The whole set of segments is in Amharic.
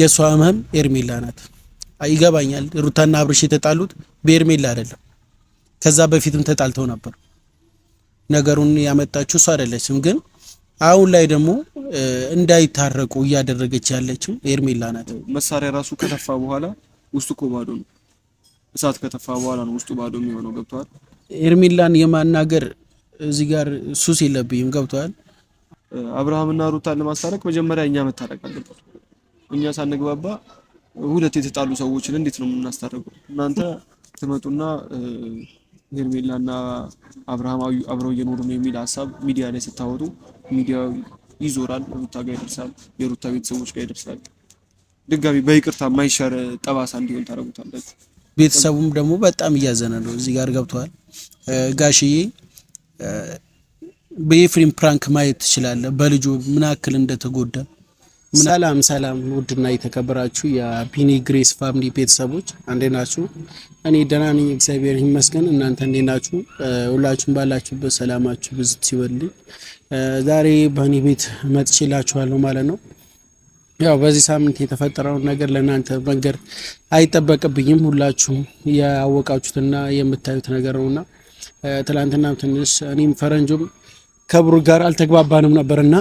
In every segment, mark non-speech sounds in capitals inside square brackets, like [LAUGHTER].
የእሷ ህመም ኤርሜላ ናት። ይገባኛል። ሩታና አብርሽ የተጣሉት በኤርሜላ አይደለም። ከዛ በፊትም ተጣልተው ነበር። ነገሩን ያመጣችው እሷ አይደለችም። ግን አሁን ላይ ደግሞ እንዳይታረቁ እያደረገች ያለችው ኤርሜላ ናት። መሳሪያ ራሱ ከተፋ በኋላ ውስጡ እኮ ባዶ ነው። እሳት ከተፋ በኋላ ነው ውስጡ ባዶ የሚሆነው። ገብቷል። ኤርሜላን የማናገር እዚህ ጋር ሱስ የለብኝም። ገብቷል። አብርሃምና ሩታን ለማስታረቅ መጀመሪያ እኛ መታረቅ አለበት። እኛ ሳንግባባ ሁለት የተጣሉ ሰዎችን እንዴት ነው የምናስታርቀው? እናንተ ትመጡና ሄርሜላና አብርሃም አብረው እየኖሩ ነው የሚል ሀሳብ ሚዲያ ላይ ስታወጡ ሚዲያው ይዞራል፣ ሩታ ጋር ይደርሳል፣ የሩታ ቤተሰቦች ጋር ይደርሳል። ድጋሚ በይቅርታ ማይሸር ጠባሳ እንዲሆን ታደርጉታላችሁ። ቤተሰቡም ደግሞ በጣም እያዘነ ነው። እዚህ ጋር ገብተዋል። ጋሽዬ በኤፍሬም ፕራንክ ማየት ትችላለህ፣ በልጁ ምን ያክል እንደተጎዳ ሰላም ሰላም፣ ውድና የተከበራችሁ የቢኒ ግሬስ ፋሚሊ ቤተሰቦች እንዴት ናችሁ? እኔ ደህና ነኝ፣ እግዚአብሔር ይመስገን። እናንተ እንዴት ናችሁ? ሁላችሁም ባላችሁበት ሰላማችሁ ብዙ ይበልልኝ። ዛሬ በእኔ ቤት መጥቼላችኋለሁ ማለት ነው። ያው በዚህ ሳምንት የተፈጠረውን ነገር ለእናንተ መንገር አይጠበቅብኝም። ሁላችሁም ያወቃችሁትና የምታዩት ነገር ነውና ትላንትናም ትንሽ እኔም ፈረንጆም ከብሩ ጋር አልተግባባንም ነበርና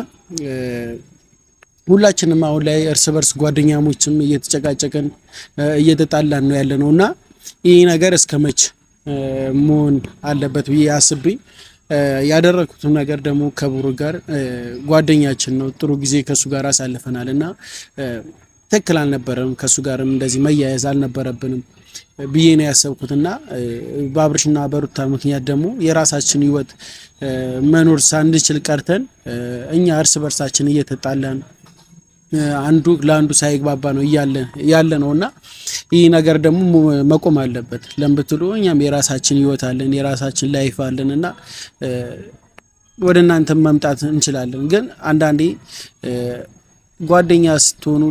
ሁላችንም አሁን ላይ እርስ በርስ ጓደኛሞችም እየተጨቃጨቅን እየተጣላን ነው ያለ ነው እና ይህ ነገር እስከ መች መሆን አለበት ብዬ አስቤ ያደረግኩትም ነገር ደግሞ ከቡሩ ጋር ጓደኛችን ነው፣ ጥሩ ጊዜ ከእሱ ጋር አሳልፈናል እና ትክክል አልነበረም፣ ከእሱ ጋርም እንደዚህ መያያዝ አልነበረብንም ብዬ ነው ያሰብኩት እና በአብርሽና በሩታ ምክንያት ደግሞ የራሳችን ህይወት መኖር ሳንችል ቀርተን እኛ እርስ በርሳችን እየተጣላን አንዱ ለአንዱ ሳይግባባ ነው ያለ ነው እና ይህ ነገር ደግሞ መቆም አለበት። ለምትሉ እኛም የራሳችን ህይወት አለን፣ የራሳችን ላይፍ አለን እና ወደ እናንተ መምጣት እንችላለን። ግን አንዳንዴ ጓደኛ ስትሆኑ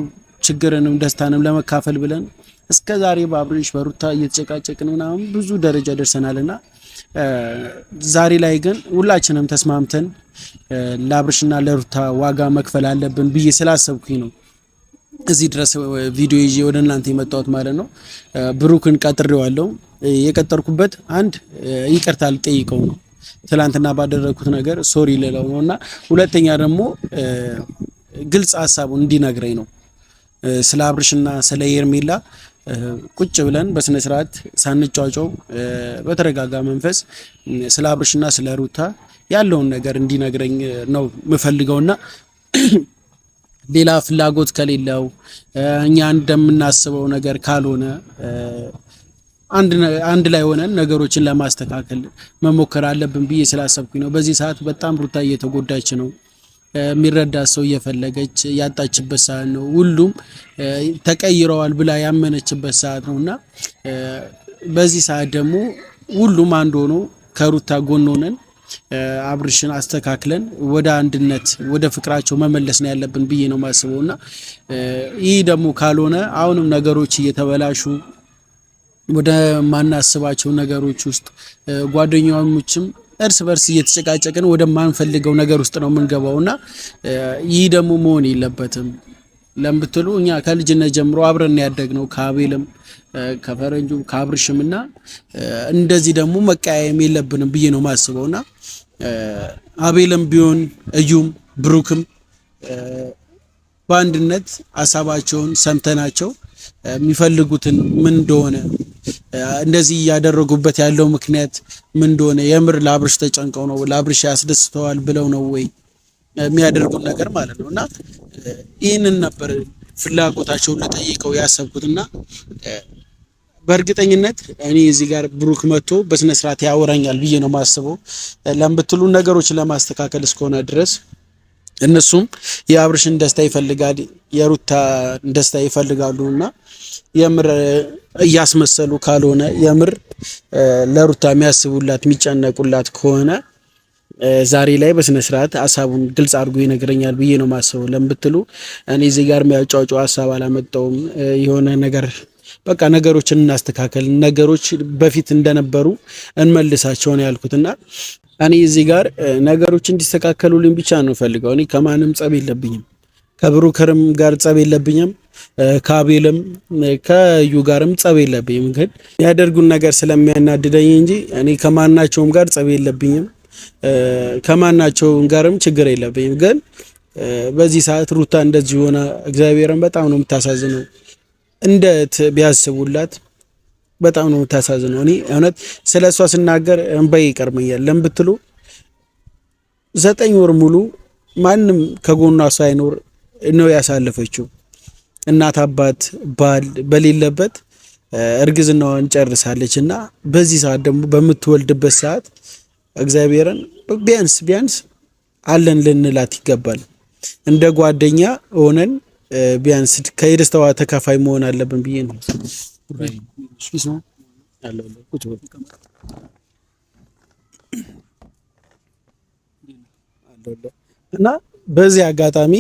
ችግርንም ደስታንም ለመካፈል ብለን እስከ ዛሬ በአብርሽ በሩታ እየተጨቃጨቅን ምናምን ብዙ ደረጃ ደርሰናል እና ዛሬ ላይ ግን ሁላችንም ተስማምተን ለአብርሽና ለሩታ ዋጋ መክፈል አለብን ብዬ ስላሰብኩኝ ነው እዚህ ድረስ ቪዲዮ ይዤ ወደ እናንተ የመጣሁት ማለት ነው። ብሩክን ቀጥሬዋለሁ። የቀጠርኩበት አንድ ይቅርታ ልጠይቀው ነው ትላንትና ባደረግኩት ነገር ሶሪ ልለው ነው እና ሁለተኛ ደግሞ ግልጽ ሀሳቡን እንዲነግረኝ ነው ስለ አብርሽና ስለ ሄርሜላ ቁጭ ብለን በስነ ስርዓት ሳንጫጫው በተረጋጋ መንፈስ ስለ አብርሽና ስለ ሩታ ያለውን ነገር እንዲነግረኝ ነው የምፈልገውና [CLEARS THROAT] ሌላ ፍላጎት ከሌለው እኛ እንደምናስበው ነገር ካልሆነ አንድ ላይ ሆነን ነገሮችን ለማስተካከል መሞከር አለብን ብዬ ስላሰብኩኝ ነው። በዚህ ሰዓት በጣም ሩታ እየተጎዳች ነው። የሚረዳ ሰው እየፈለገች ያጣችበት ሰዓት ነው። ሁሉም ተቀይረዋል ብላ ያመነችበት ሰዓት ነው እና በዚህ ሰዓት ደግሞ ሁሉም አንድ ሆኖ ከሩታ ጎን ሆነን አብርሽን አስተካክለን ወደ አንድነት ወደ ፍቅራቸው መመለስ ነው ያለብን ብዬ ነው ማስበው እና ይህ ደግሞ ካልሆነ አሁንም ነገሮች እየተበላሹ ወደ ማናስባቸው ነገሮች ውስጥ ጓደኛሞችም እርስ በርስ እየተጨቃጨቅን ወደማንፈልገው ነገር ውስጥ ነው እና ይህ ደግሞ መሆን የለበትም። ለምትሉ እኛ ከልጅነት ጀምሮ አብረን ያደግነው ከአቤልም ከፈረንጁም ከአብርሽም እና እንደዚህ ደግሞ መቀያየም የለብንም ብዬ ነው እና አቤልም ቢሆን እዩም ብሩክም በአንድነት ሀሳባቸውን ሰምተናቸው የሚፈልጉትን ምን እንደሆነ እንደዚህ እያደረጉበት ያለው ምክንያት ምን እንደሆነ የምር ለአብርሽ ተጨንቀው ነው፣ ለአብርሽ ያስደስተዋል ብለው ነው ወይ የሚያደርጉት ነገር ማለት ነው። እና ይህንን ነበር ፍላጎታቸውን ልጠይቀው ያሰብኩት እና በእርግጠኝነት እኔ እዚህ ጋር ብሩክ መጥቶ በስነስርዓት ያወራኛል ብዬ ነው የማስበው። ለምትሉ ነገሮች ለማስተካከል እስከሆነ ድረስ እነሱም የአብርሽን ደስታ ይፈልጋል፣ የሩታ ደስታ ይፈልጋሉ እና የምር እያስመሰሉ ካልሆነ የምር ለሩታ የሚያስቡላት የሚጨነቁላት ከሆነ ዛሬ ላይ በስነ ስርዓት ሀሳቡን ግልጽ አድርጎ ይነግረኛል ብዬ ነው ማስበው። ለምትሉ እኔ እዚህ ጋር የሚያጫጫው ሀሳብ አላመጣውም የሆነ ነገር በቃ ነገሮችን እናስተካከል፣ ነገሮች በፊት እንደነበሩ እንመልሳቸውን ያልኩትና እኔ እዚህ ጋር ነገሮች እንዲስተካከሉልኝ ብቻ ነው ፈልገው። እኔ ከማንም ጸብ የለብኝም፣ ከብሩከርም ጋር ጸብ የለብኝም፣ ከአቤልም ከዩ ጋርም ጸብ የለብኝም። ግን ያደርጉን ነገር ስለሚያናድደኝ እንጂ እኔ ከማናቸውም ጋር ጸብ የለብኝም፣ ከማናቸውም ጋርም ችግር የለብኝም። ግን በዚህ ሰዓት ሩታ እንደዚህ ሆነ እግዚአብሔርን በጣም ነው የምታሳዝነው። እንደ ቢያስቡላት በጣም ነው የምታሳዝነው። እኔ እውነት ስለ እሷ ስናገር እንባዬ ይቀርመኛል። ለምብትሉ ዘጠኝ ወር ሙሉ ማንም ከጎኗ ሳይኖር ነው ያሳለፈችው። እናት አባት፣ ባል በሌለበት እርግዝናዋን ጨርሳለች እና በዚህ ሰዓት ደግሞ በምትወልድበት ሰዓት እግዚአብሔርን ቢያንስ ቢያንስ አለን ልንላት ይገባል እንደ ጓደኛ ሆነን ቢያንስ ከየደስታዋ ተካፋይ መሆን አለብን ብዬ ነው። እና በዚህ አጋጣሚ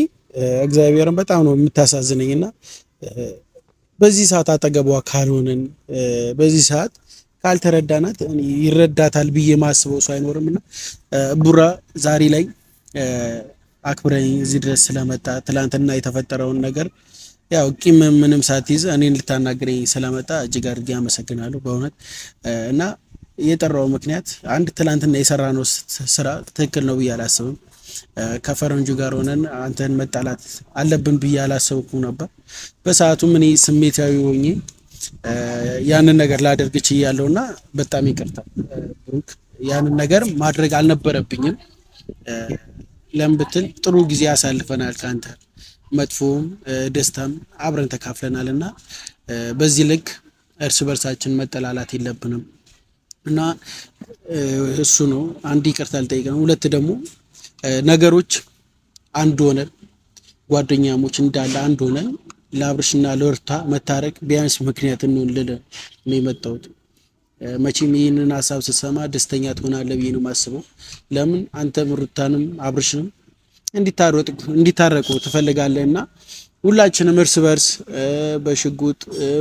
እግዚአብሔርን በጣም ነው የምታሳዝነኝ እና በዚህ ሰዓት አጠገቧ ካልሆንን በዚህ ሰዓት ካልተረዳናት ይረዳታል ብዬ ማስበው ሰው አይኖርም እና ቡራ ዛሬ ላይ አክብረኝ እዚህ ድረስ ስለመጣ ትላንትና የተፈጠረውን ነገር ያው ቂም ምንም ሳትይዝ እኔን ልታናግረኝ ስለመጣ እጅግ አድርጌ አመሰግናለሁ በእውነት እና የጠራው ምክንያት አንድ ትላንትና የሰራነው ስራ ትክክል ነው ብዬ አላስብም። ከፈረንጁ ጋር ሆነን አንተን መጣላት አለብን ብዬ አላሰብኩ ነበር። በሰዓቱም እኔ ስሜታዊ ሆኜ ያንን ነገር ላደርግ ችያለሁ እና በጣም ይቅርታ ብሩክ፣ ያንን ነገር ማድረግ አልነበረብኝም። ለምብትል ጥሩ ጊዜ አሳልፈናል ከአንተ መጥፎም ደስታም አብረን ተካፍለናል እና በዚህ ልክ እርስ በርሳችን መጠላላት የለብንም እና እሱ ነው። አንድ ይቅርታ ልጠይቅ ነው። ሁለት ደግሞ ነገሮች አንድ ሆነን ጓደኛሞች እንዳለ አንድ ሆነን ለአብርሽና ለሩታ መታረቅ ቢያንስ ምክንያት እንሆንልን ነው የመጣሁት። መቼም ይህንን ሀሳብ ስትሰማ ደስተኛ ትሆናለህ ብዬ ነው የማስበው። ለምን አንተም ሩታንም አብርሽንም እንዲታረቁ ትፈልጋለህ እና ሁላችንም እርስ በርስ በሽጉጥ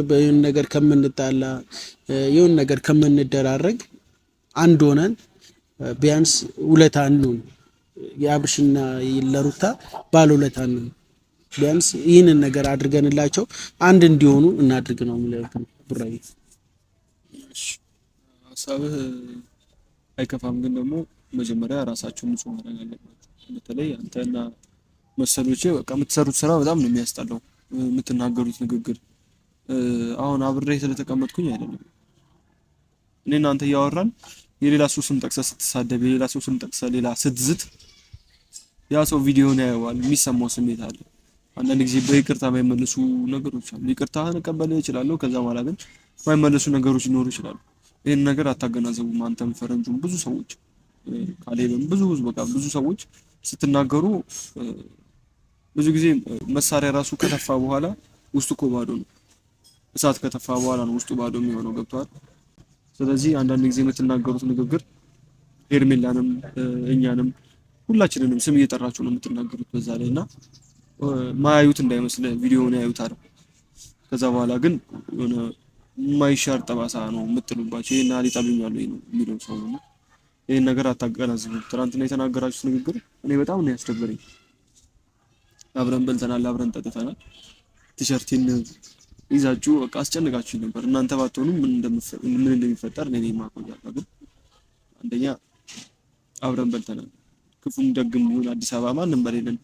በይሁን ነገር ከምንጣላ ይሁን ነገር ከምንደራረግ አንድ ሆነን ቢያንስ ሁለት አንዱን የአብርሽና ለሩታ ባለ ሁለት አንዱን ቢያንስ ይህንን ነገር አድርገንላቸው አንድ እንዲሆኑ እናድርግ ነው ብራይ ሀሳብህ አይከፋም፣ ግን ደግሞ መጀመሪያ ራሳችሁን ንጹህ ማድረግ አለባችሁ። በተለይ አንተና መሰሎቼ በቃ የምትሰሩት ስራ በጣም ነው የሚያስጠላው። የምትናገሩት ንግግር አሁን አብሬ ስለተቀመጥኩኝ አይደለም። እኔ እናንተ እያወራን የሌላ ሰው ስም ጠቅሰ ስትሳደብ፣ የሌላ ሰው ስም ጠቅሰ ሌላ ስትዝት፣ ያ ሰው ቪዲዮን ያየዋል፣ የሚሰማው ስሜት አለ። አንዳንድ ጊዜ በይቅርታ የማይመለሱ ነገሮች አሉ። ይቅርታ እቀበል እችላለሁ። ከዛ በኋላ ግን የማይመለሱ ነገሮች ሊኖሩ ይችላሉ። ይህን ነገር አታገናዘቡም። አንተም ፈረንጁም ብዙ ሰዎች ካሌብም ብዙ ብዙ በቃ ብዙ ሰዎች ስትናገሩ ብዙ ጊዜ መሳሪያ ራሱ ከተፋ በኋላ ውስጡ እኮ ባዶ ነው። እሳት ከተፋ በኋላ ነው ውስጡ ባዶ የሚሆነው። ገብቷል። ስለዚህ አንዳንድ ጊዜ የምትናገሩት ንግግር ሄርሜላንም እኛንም ሁላችንንም ስም እየጠራችሁ ነው የምትናገሩት በዛ ላይ እና ማያዩት እንዳይመስል ቪዲዮውን ያዩታል። ከዛ በኋላ ግን የሆነ የማይሻር ጠባሳ ነው የምትሉባቸው። ይህና ያህል የሚለው ሰው ይህን ነገር አታገናዝቡ። ትናንትና የተናገራችሁት ንግግር እኔ በጣም ነው ያስደበረኝ። አብረን በልተናል፣ አብረን ጠጥተናል። ቲሸርቴን ይዛችሁ በቃ አስጨንቃችሁ ነበር። እናንተ ባትሆኑ ምን እንደሚፈጠር እኔ ማቆያ ግን አንደኛ አብረን በልተናል፣ ክፉም ደግም ቢሆን አዲስ አበባ ማንም በሌለን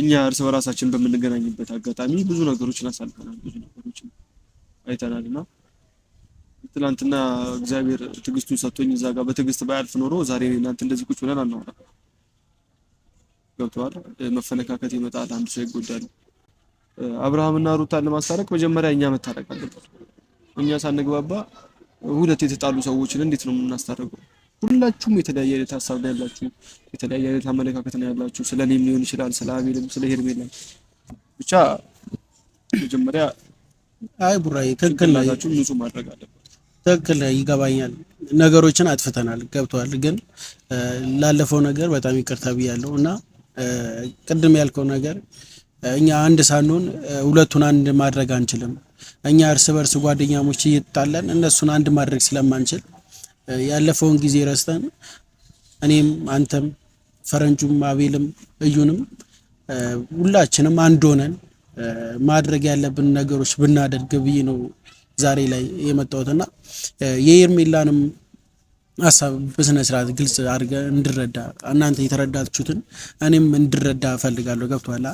እኛ እርስ በራሳችን በምንገናኝበት አጋጣሚ ብዙ ነገሮችን አሳልፈናል፣ ብዙ ነገሮችን አይተናል እና ትናንትና እግዚአብሔር ትዕግስቱን ሰጥቶኝ እዛ ጋር በትዕግስት ባያልፍ ኖሮ ዛሬ እናንተ እንደዚህ ቁጭ ብለን አናወራም። ገብተዋል። መፈነካከት ይመጣል፣ አንድ ሰው ይጎዳል። አብርሃምና ሩታን ለማስታረቅ መጀመሪያ እኛ መታረቅ አለብን። እኛ ሳንግባባ ሁለት የተጣሉ ሰዎችን እንዴት ነው የምናስታረቀው? ሁላችሁም የተለያየ አይነት ሀሳብ ነው ያላችሁ፣ የተለያየ አይነት አመለካከት ነው ያላችሁ። ስለ እኔም ሊሆን ይችላል፣ ስለ አቤልም፣ ስለ ሄርሜላም ብቻ መጀመሪያ አይ ቡራዬ ትክክል ናችሁ፣ ንጹህ ማድረግ አለብን ትክክል ይገባኛል። ነገሮችን አጥፍተናል፣ ገብተዋል። ግን ላለፈው ነገር በጣም ይቅርታ ብያለሁ እና ቅድም ያልከው ነገር እኛ አንድ ሳንሆን ሁለቱን አንድ ማድረግ አንችልም። እኛ እርስ በርስ ጓደኛሞች እየጣለን እነሱን አንድ ማድረግ ስለማንችል ያለፈውን ጊዜ ረስተን እኔም አንተም ፈረንጁም አቤልም እዩንም ሁላችንም አንድ ሆነን ማድረግ ያለብን ነገሮች ብናደርግ ብዬ ነው ዛሬ ላይ የመጣሁትና የኤርሜላንም ሀሳብ በስነ ስርዓት ግልጽ አድርገ እንድረዳ እናንተ የተረዳችሁትን እኔም እንድረዳ እፈልጋለሁ። ገብቷላ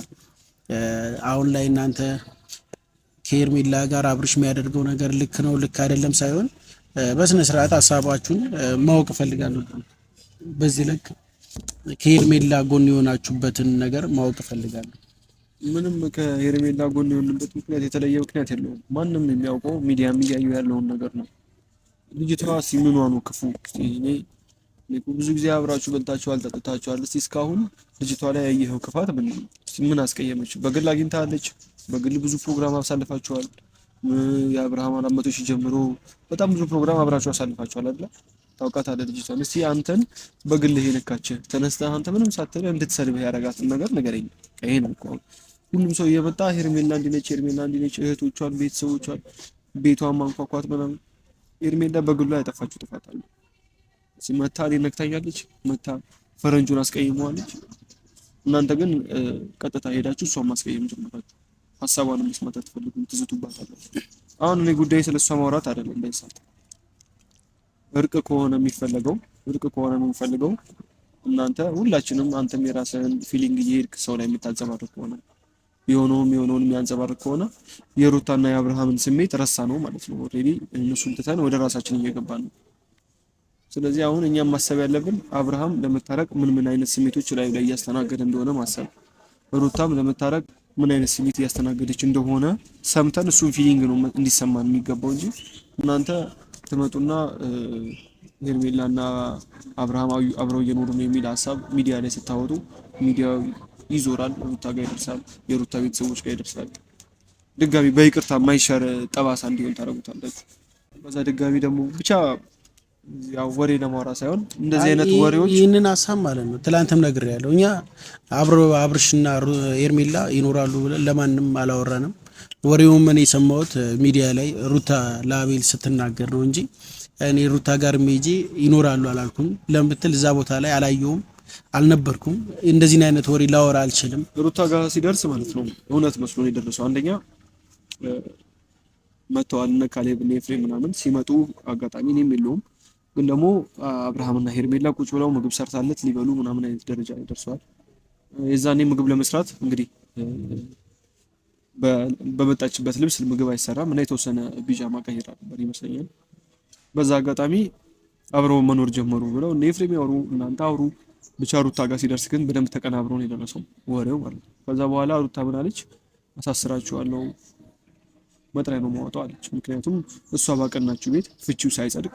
አሁን ላይ እናንተ ከኤርሜላ ጋር አብርሽ የሚያደርገው ነገር ልክ ነው ልክ አይደለም ሳይሆን በስነ ስርዓት ሀሳባችሁን ማወቅ እፈልጋለሁ። በዚህ ልክ ከኤርሜላ ጎን የሆናችሁበትን ነገር ማወቅ እፈልጋለሁ። ምንም ከሄርሜላ ጎን የሆንበት ምክንያት የተለየ ምክንያት የለውም። ማንም የሚያውቀው ሚዲያ የሚያዩ ያለውን ነገር ነው። ልጅቷ ሲምኗ ነው ክፉ። ብዙ ጊዜ አብራችሁ በልታችኋል፣ ጠጥታችኋል። እስኪ እስካሁን ልጅቷ ላይ ያየኸው ክፋት ምን ምን አስቀየመች? በግል አግኝታለች፣ በግል ብዙ ፕሮግራም አሳልፋችኋል። የአብርሃም አራት ጀምሮ በጣም ብዙ ፕሮግራም አብራችሁ አሳልፋችኋል አይደል? ታውቃታለህ ልጅቷን። እስኪ አንተን በግልህ የነካችህ ተነስተህ አንተ ምንም ሳትል እንድትሰድብህ ያደረጋትን ነገር ንገረኝ። ይሄ ነው እኮ ሁሉም ሰው እየመጣ ሄርሜላ እንዲህ ነች፣ ሄርሜላ እንዲህ ነች፣ እህቶቿን፣ ቤተሰቦቿን፣ ቤቷን ማንኳኳት ምናምን። ሄርሜላ በግሉ ያጠፋችው ጥፋት አለ። መታ እኔን ነክታኛለች፣ መታ ፈረንጁን አስቀይመዋለች። እናንተ ግን ቀጥታ ሄዳችሁ እሷን ማስቀየም ጀምራችሁ ሀሳቧን መስማት አትፈልጉም፣ ትዝቱባታለች። አሁን እኔ ጉዳይ ስለሷ ማውራት አይደለም በዚህ ሰዓት እርቅ ከሆነ የሚፈለገው እርቅ ከሆነ የምንፈልገው እናንተ ሁላችንም አንተም የራስህን ፊሊንግ እየሄድክ ሰው ላይ የምታንጸባርቅ ከሆነ የሆነውም የሆነውን የሚያንጸባርቅ ከሆነ የሩታና የአብርሃምን ስሜት ረሳ ነው ማለት ነው። ኦልሬዲ እነሱን ትተን ወደ ራሳችን እየገባ ነው። ስለዚህ አሁን እኛም ማሰብ ያለብን አብርሃም ለመታረቅ ምን ምን አይነት ስሜቶች ላይ ላይ እያስተናገደ እንደሆነ ማሰብ፣ ሩታም ለመታረቅ ምን አይነት ስሜት እያስተናገደች እንደሆነ ሰምተን እሱን ፊሊንግ ነው እንዲሰማን የሚገባው እንጂ እናንተ ትመጡና ሄርሜላና አብርሃም አብረው እየኖሩ ነው የሚል ሀሳብ ሚዲያ ላይ ስታወጡ ሚዲያው ይዞራል፣ ሩታ ጋር ይደርሳል፣ የሩታ ቤተሰቦች ጋር ይደርሳል። ድጋሚ በይቅርታ ማይሸር ጠባሳ እንዲሆን ታደርጉታለች። በዛ ድጋሚ ደግሞ ብቻ ያው ወሬ ለማውራ ሳይሆን እንደዚህ አይነት ወሬዎች ይህንን ሀሳብ ማለት ነው። ትላንትም ነግሬያለሁ። እኛ አብርሽና ሄርሜላ ይኖራሉ ብለን ለማንም አላወራንም። ወሬውን ምን የሰማሁት ሚዲያ ላይ ሩታ ለአቤል ስትናገር ነው እንጂ እኔ ሩታ ጋር ሜጂ ይኖራሉ አላልኩም። ለምትል እዛ ቦታ ላይ አላየውም አልነበርኩም። እንደዚህን አይነት ወሬ ላወራ አልችልም። ሩታ ጋር ሲደርስ ማለት ነው እውነት መስሎ ነው የደረሰው። አንደኛ መጥተዋል እነ ካሌብ እነ ኤፍሬም ምናምን ሲመጡ አጋጣሚ እኔም የለውም ግን ደግሞ አብርሃምና ሄርሜላ ቁጭ ብለው ምግብ ሰርታለት ሊበሉ ምናምን አይነት ደረጃ ደርሰዋል። የዛኔ ምግብ ለመስራት እንግዲህ በመጣችበት ልብስ ምግብ አይሰራም እና የተወሰነ ቢጃማ ቀይራ ነበር ይመስለኛል። በዛ አጋጣሚ አብረው መኖር ጀመሩ ብለው እነ ኤፍሬም ያወሩ እናንተ አውሩ ብቻ ሩታ ጋር ሲደርስ ግን በደንብ ተቀናብሮ ነው የደረሰው ወሬው ማለት ነው። ከዛ በኋላ ሩታ ምናለች አለች? አሳስራችኋለሁ መጥሪያ ነው ማወጣው አለች። ምክንያቱም እሷ ባቀናችሁ ቤት ፍቺው ሳይጸድቅ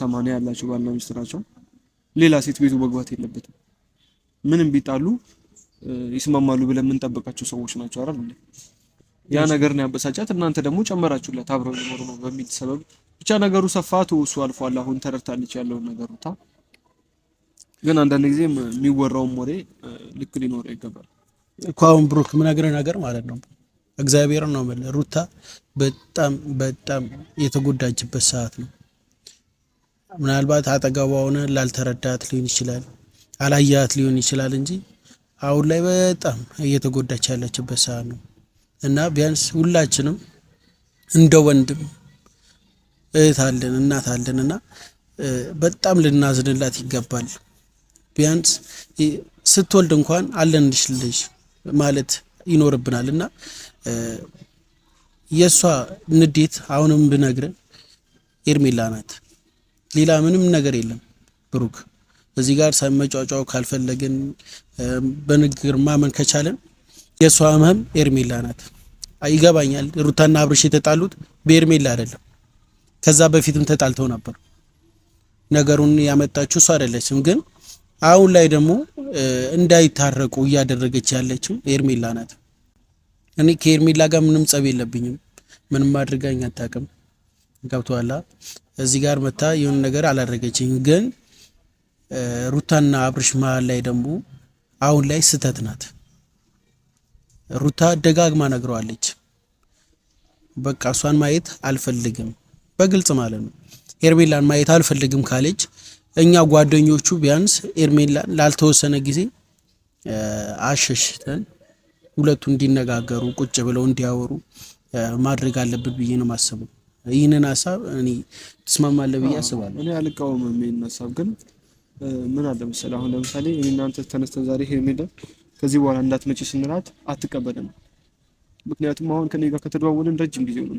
ሰማንያ ያላቸው ባልና ሚስት ናቸው። ሌላ ሴት ቤቱ መግባት የለበትም ምንም ቢጣሉ ይስማማሉ ብለን የምንጠብቃቸው ሰዎች ናቸው አይደል? ያ ነገር ነው ያበሳጫት። እናንተ ደግሞ ጨመራችሁላት አብረው ሊኖሩ ነው በሚል ሰበብ ብቻ ነገሩ ሰፋቱ። እሱ አልፏል። አሁን ተረድታለች ያለውን ነገር ታ ግን አንዳንድ ጊዜ የሚወራው ወሬ ልክ ሊኖር ይገባል እኮ። አሁን ብሩክ የምነግርህ ነገር ማለት ነው እግዚአብሔር ነው የምልህ ሩታ በጣም በጣም የተጎዳችበት ሰዓት ነው። ምናልባት አጠገቧ ሆነ ላልተረዳት ሊሆን ይችላል፣ አላያት ሊሆን ይችላል እንጂ አሁን ላይ በጣም እየተጎዳች ያለችበት ሰዓት ነው እና ቢያንስ ሁላችንም እንደ ወንድም እህት አለን እናት አለን እና በጣም ልናዝንላት ይገባል። ቢያንስ ስትወልድ እንኳን አለንልሽ ልጅ ማለት ይኖርብናል እና የእሷ ንዴት አሁንም ብነግረን ኤርሜላ ናት። ሌላ ምንም ነገር የለም ብሩክ እዚህ ጋር ሳንመጫጫው ካልፈለግን በንግግር ማመን ከቻለን የእሷ ህመም ኤርሜላ ናት። ይገባኛል። ሩታና አብርሽ የተጣሉት በኤርሜላ አይደለም። ከዛ በፊትም ተጣልተው ነበር። ነገሩን ያመጣችው እሷ አይደለችም። ግን አሁን ላይ ደግሞ እንዳይታረቁ እያደረገች ያለችው ኤርሜላ ናት። እኔ ከኤርሜላ ጋር ምንም ጸብ የለብኝም። ምንም አድርጋኝ አታውቅም። ገብቶሃል። እዚህ ጋር መታ የሆነ ነገር አላደረገችኝ ግን ሩታና አብርሽ መሀል ላይ ደግሞ አሁን ላይ ስህተት ናት። ሩታ ደጋግማ ነግረዋለች። በቃ እሷን ማየት አልፈልግም፣ በግልጽ ማለት ነው። ኤርሜላን ማየት አልፈልግም ካለች እኛ ጓደኞቹ ቢያንስ ኤርሜላን ላልተወሰነ ጊዜ አሸሽተን ሁለቱ እንዲነጋገሩ ቁጭ ብለው እንዲያወሩ ማድረግ አለብን ብዬ ነው ማሰቡ። ይህንን ሀሳብ እኔ ትስማማለህ ብዬ አስባለሁ። እኔ አልቃወምም ይህን ሀሳብ ግን ምን አለ መሰለህ አሁን ለምሳሌ እኔ እናንተ ተነስተን ዛሬ ሄርሜላ ከዚህ በኋላ እንዳትመጪ ስንላት አትቀበልም። ምክንያቱም አሁን ከኔ ጋር ከተደዋወልን ረጅም ጊዜ ነው።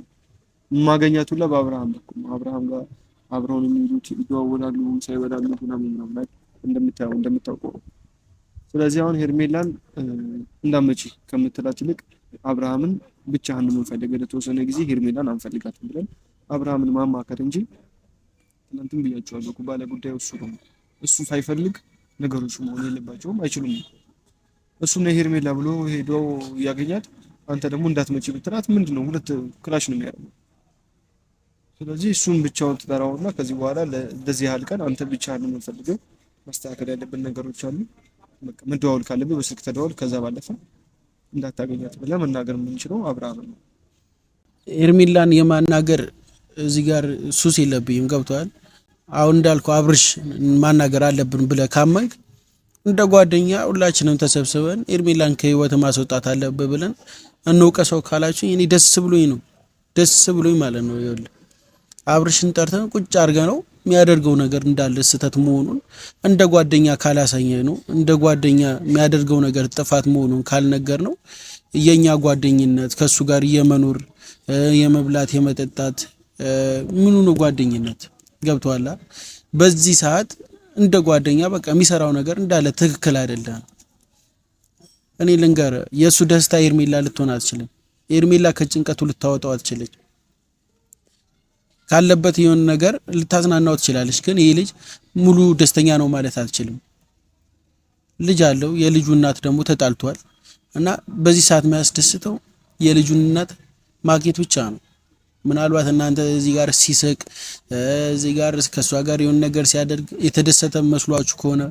የማገኛት ሁላ በአብርሃም በኩል አብርሃም ጋር አብረውን የሚሉት ይደዋወላሉ፣ ምሳ ይበላሉ ምናምን ምናምን ላይ እንደምታየው እንደምታውቀው። ስለዚህ አሁን ሄርሜላን እንዳመጪ ከምትላት ይልቅ አብርሃምን ብቻህን የምንፈልግ ለተወሰነ ጊዜ ሄርሜላን አንፈልጋትም ብለን አብርሃምን ማማከር እንጂ ትናንትም ብያቸዋለሁ። ባለ ጉዳይ እሱ ነው። እሱ ሳይፈልግ ነገሮች መሆን የለባቸውም፣ አይችሉም። ነው ሄርሜላ ብሎ ሄዶ እያገኛት አንተ ደግሞ እንዳትመጪ ብትላት ምንድን ነው ሁለት ክላሽ ነው የሚያደርገው። ስለዚህ እሱን ብቻውን ትጠራውና ከዚህ በኋላ እንደዚህ ያህል ቀን አንተ ብቻ ነው የምንፈልገው፣ ማስተካከል ያለብን ነገሮች አሉ፣ መደዋወል ካለብህ በስልክ ተደዋወል፣ ከዛ ባለፈ እንዳታገኛት ብለህ መናገር የምንችለው አብርሃም ነው። ሄርሜላን የማናገር እዚህ ጋር ሱስ የለብኝም ገብቷል አሁን እንዳልኩ አብርሽ ማናገር አለብን ብለህ ካመንክ እንደ ጓደኛ ሁላችንም ተሰብስበን ኤርሜላን ከህይወት ማስወጣት አለብህ ብለን እንውቀሰው ካላችሁ እኔ ደስ ብሎኝ ነው ደስ ብሎኝ ማለት ነው። ይኸውልህ አብርሽን ጠርተን ቁጭ አድርገ ነው የሚያደርገው ነገር እንዳለ ስህተት መሆኑን እንደ ጓደኛ ካላሳኘ ነው እንደ ጓደኛ የሚያደርገው ነገር ጥፋት መሆኑን ካልነገር ነው የኛ ጓደኝነት ከእሱ ጋር የመኖር የመብላት የመጠጣት ምኑ ነው ጓደኝነት? ገብቷላ። በዚህ ሰዓት እንደ ጓደኛ በቃ የሚሰራው ነገር እንዳለ ትክክል አይደለም። እኔ ልንገር፣ የእሱ ደስታ ኤርሜላ ልትሆን አትችልም። ኤርሜላ ከጭንቀቱ ልታወጣው አትችልች። ካለበት የሆነ ነገር ልታዝናናው ትችላለች፣ ግን ይህ ልጅ ሙሉ ደስተኛ ነው ማለት አትችልም። ልጅ አለው። የልጁ እናት ደግሞ ተጣልቷል እና በዚህ ሰዓት የሚያስደስተው የልጁን እናት ማግኘት ብቻ ነው። ምናልባት እናንተ እዚህ ጋር ሲስቅ እዚህ ጋር ከእሷ ጋር የሆነ ነገር ሲያደርግ የተደሰተ መስሏችሁ ከሆነ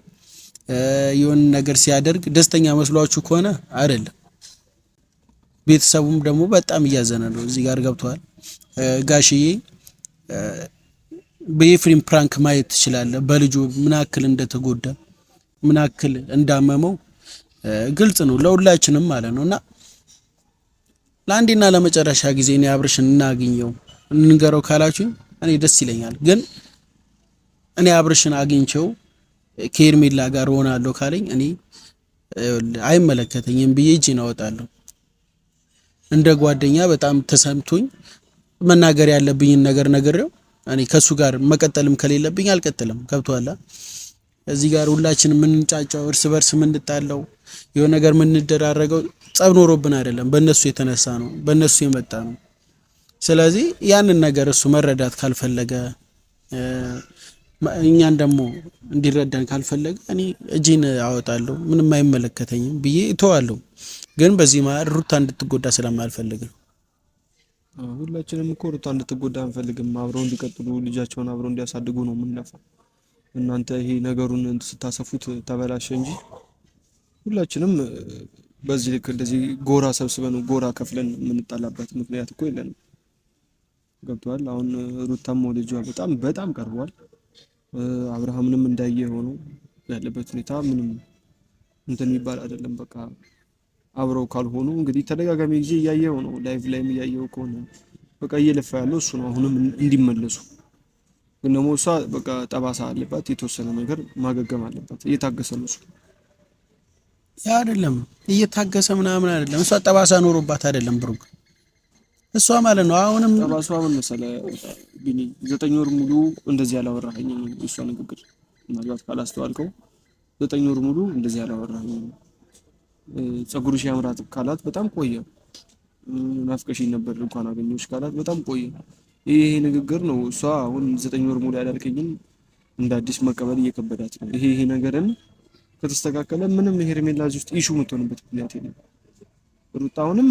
የሆነ ነገር ሲያደርግ ደስተኛ መስሏችሁ ከሆነ አይደለም። ቤተሰቡም ደግሞ በጣም እያዘነ ነው። እዚህ ጋር ገብተዋል። ጋሽዬ በኤፍሬም ፕራንክ ማየት ትችላለህ። በልጁ ምናክል እንደተጎዳ ምናክል እንዳመመው ግልጽ ነው ለሁላችንም ማለት ነው እና ለአንዴና ለመጨረሻ ጊዜ እኔ አብርሽን እናግኘው እንንገረው ካላችሁኝ እኔ ደስ ይለኛል። ግን እኔ አብርሽን አግኝቸው ከኤርሜላ ጋር ሆናለሁ ካለኝ እኔ አይመለከተኝም ብዬ እጅ አወጣለሁ። እንደ ጓደኛ በጣም ተሰምቶኝ መናገር ያለብኝን ነገር ነግሬው እኔ ከሱ ጋር መቀጠልም ከሌለብኝ አልቀጥልም። ከብቷላ እዚህ ጋር ሁላችን የምንጫጫው እርስ በርስ የምንጣለው የሆነ ነገር የምንደራረገው ጸብ ኖሮብን አይደለም፣ በእነሱ የተነሳ ነው፣ በእነሱ የመጣ ነው። ስለዚህ ያንን ነገር እሱ መረዳት ካልፈለገ እኛን ደግሞ እንዲረዳን ካልፈለገ እኔ እጅን አወጣለሁ ምንም አይመለከተኝም ብዬ እተዋለሁ። ግን በዚህ መሀል ሩታ እንድትጎዳ ስለማልፈልግ ነው። ሁላችንም እኮ ሩታ እንድትጎዳ አንፈልግም። አብረው እንዲቀጥሉ ልጃቸውን አብረው እንዲያሳድጉ ነው የምንለፋው። እናንተ ይሄ ነገሩን ስታሰፉት ተበላሸ እንጂ ሁላችንም በዚህ ልክ እንደዚህ ጎራ ሰብስበን ጎራ ከፍለን የምንጣላበት ምክንያት እኮ የለንም። ገብተዋል። አሁን ሩታም ወልጇ በጣም በጣም ቀርቧል። አብርሃምንም እንዳየ ሆነው ያለበት ሁኔታ ምንም እንትን የሚባል አይደለም። በቃ አብረው ካልሆኑ እንግዲህ ተደጋጋሚ ጊዜ እያየው ነው፣ ላይቭ ላይም እያየው ከሆነ በቃ እየለፋ ያለው እሱ ነው። አሁንም እንዲመለሱ ግን ደግሞ እሷ በቃ ጠባሳ አለባት፣ የተወሰነ ነገር ማገገም አለባት። እየታገሰ ነው እሱ ያ አይደለም እየታገሰ ምናምን አይደለም። እሷ ጠባሳ ኖሮባት አይደለም ብሩክ፣ እሷ ማለት ነው። አሁንም ጠባሷ ምን መሰለ ቢኒ፣ ዘጠኝ ወር ሙሉ እንደዚህ ያላወራኸኝ እሷ ንግግር ምናልባት ካላስተዋልከው ዘጠኝ ወር ሙሉ እንደዚህ ያላወራኸኝ ጸጉርሽ ያምራት ካላት በጣም ቆየ። ናፍቀሽኝ ነበር እንኳን አገኘሁሽ ካላት በጣም ቆየ። ይሄ ንግግር ነው። እሷ አሁን ዘጠኝ ወር ሙሉ ያላልከኝን እንደ አዲስ መቀበል እየከበዳት ነው። ይሄ ይሄ ነገርን ከተስተካከለ ምንም ሄርሜላ እዚህ ውስጥ ኢሹ የምትሆንበት ምክንያት የለም። ሩታ አሁንም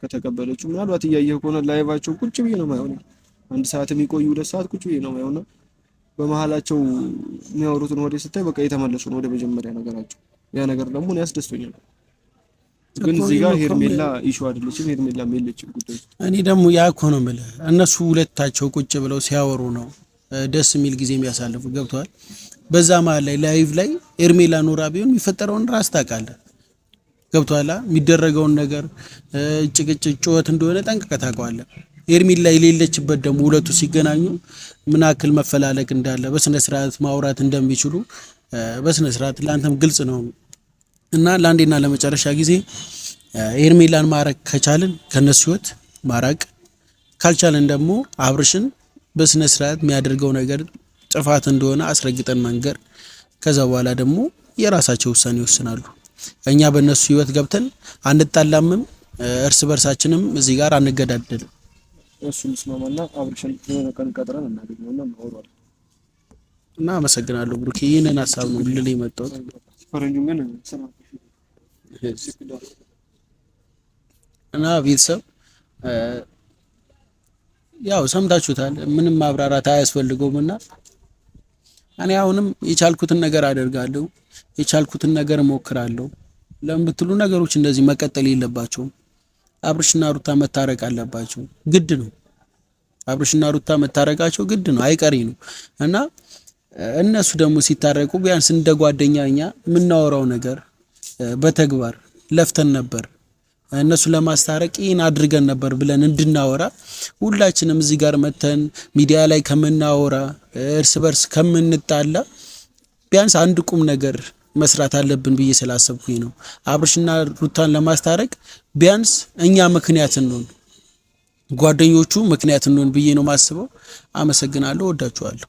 ከተቀበለችው ምናልባት እያየህ ከሆነ ላይቫቸው ቁጭ ብዬ ነው የማይሆነው። አንድ ሰዓት የሚቆዩ ሁለት ሰዓት ቁጭ ብዬ ነው የማይሆነው። በመሀላቸው የሚያወሩትን ወደ ስታይ በቃ የተመለሱ ነው ወደ መጀመሪያ ነገራቸው። ያ ነገር ደግሞ እኔ ያስደስቶኛል። ግን እዚህ ጋር ሄርሜላ ኢሹ አይደለችም፣ ሄርሜላ የለችም ጉዳይ። እኔ ደግሞ ያ እኮ ነው የምልህ እነሱ ሁለታቸው ቁጭ ብለው ሲያወሩ ነው ደስ የሚል ጊዜ የሚያሳልፉ ገብተዋል በዛ መሀል ላይ ላይቭ ላይ ኤርሜላ ኖራ ቢሆን የሚፈጠረውን ራስ ታውቃለህ። ገብቷላ የሚደረገውን ነገር ጭቅጭቅ፣ ጩኸት እንደሆነ ጠንቅቀህ ታውቀዋለህ። ኤርሜላ ላይ የሌለችበት ደግሞ ሁለቱ ሲገናኙ ምን አክል መፈላለቅ እንዳለ በስነ ስርዓት ማውራት እንደሚችሉ በስነ ስርዓት ለአንተም ግልጽ ነው እና ለአንዴና ለመጨረሻ ጊዜ ኤርሜላን ማራቅ ከቻልን ከነሱ ህይወት ማራቅ ካልቻልን ደግሞ አብርሽን በስነ ስርዓት የሚያደርገው ነገር ጥፋት እንደሆነ አስረግጠን መንገር፣ ከዛ በኋላ ደግሞ የራሳቸው ውሳኔ ይወስናሉ። እኛ በእነሱ ህይወት ገብተን አንጣላምም፣ እርስ በርሳችንም እዚህ ጋር አንገዳደልም። እሱን ስማማና አብርሽን የሆነ ቀን ቀጥረን እናገኘውና እናወራለን። እና አመሰግናለሁ ብሩክ፣ ይህንን ሀሳብ ነው ልል የመጣሁት። እና ቤተሰብ ያው ሰምታችሁታል፣ ምንም ማብራራት አያስፈልገውም እና እኔ አሁንም የቻልኩትን ነገር አደርጋለሁ፣ የቻልኩትን ነገር እሞክራለሁ። ለምን ብትሉ ነገሮች እንደዚህ መቀጠል የለባቸውም። አብርሽና ሩታ መታረቅ አለባቸው፣ ግድ ነው። አብርሽና ሩታ መታረቃቸው ግድ ነው፣ አይቀሪ ነው እና እነሱ ደግሞ ሲታረቁ ቢያንስ እንደ ጓደኛ እኛ የምናወራው ነገር በተግባር ለፍተን ነበር እነሱን ለማስታረቅ ይህን አድርገን ነበር ብለን እንድናወራ ሁላችንም እዚህ ጋር መተን ሚዲያ ላይ ከምናወራ እርስ በርስ ከምንጣላ ቢያንስ አንድ ቁም ነገር መስራት አለብን ብዬ ስላሰብኩኝ ነው። አብርሽና ሩታን ለማስታረቅ ቢያንስ እኛ ምክንያት እንሆን፣ ጓደኞቹ ምክንያት እንሆን ብዬ ነው ማስበው። አመሰግናለሁ። ወዳችኋለሁ።